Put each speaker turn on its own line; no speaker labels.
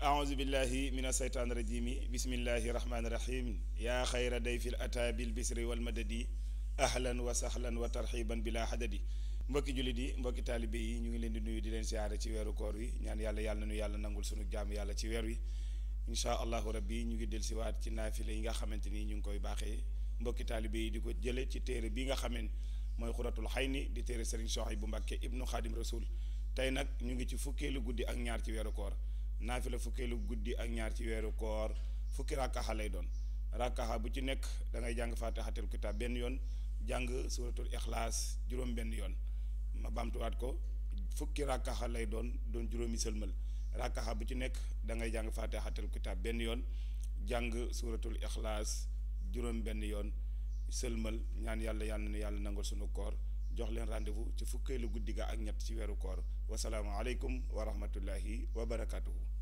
أعوذ بالله من الشيطان الرجيم بسم الله الرحمن الرحيم يا خير ضيف الأتى بالبسر والمدد أهلا وسهلا وترحيبا بلا حدد mbokki jullit yi mbokki taalibe yi ñu ngi leen di nuyu di leen siyaare ci weeru koor wi ñaan yàlla yàlla nu yàlla nangul sunu jaamu yàlla ci weer wi incha allahu rabbi ñu ngi dellusiwaat ci naafile yi nga xamante ni ñu ngi koy baaxee mbokki taalibe yi di ko jële ci téere bi nga xamen mooy xuratul xayni di téere Serigne Souhaïbou Mbacké ibnu Xaadim Rasul tey nag ñu ngi ci fukkeelu guddi ak ñaar ci weeru koor naafila fukelu guddi ak ñaar ci wéru koor fukki rakaxa lay doon rakaxa bu ci nek da ngay jang fatihatul kitab ben yoon jang suratul ikhlas juróom ben yoon ma wat ko fukki rakaxa lay doon doon juróomi sëlmal rakaxa bu ci nek da ngay jang fatihatul kitab ben yoon jang suratul ikhlas juróom ben yoon selmal ñaan yalla yalla na yalla nangul suñu koor jox leen rendez-vous ci fukkeelu guddi ga ak ñett ci weeru koor wasalaamualeykum wa rahmatullahi wa barakatuhu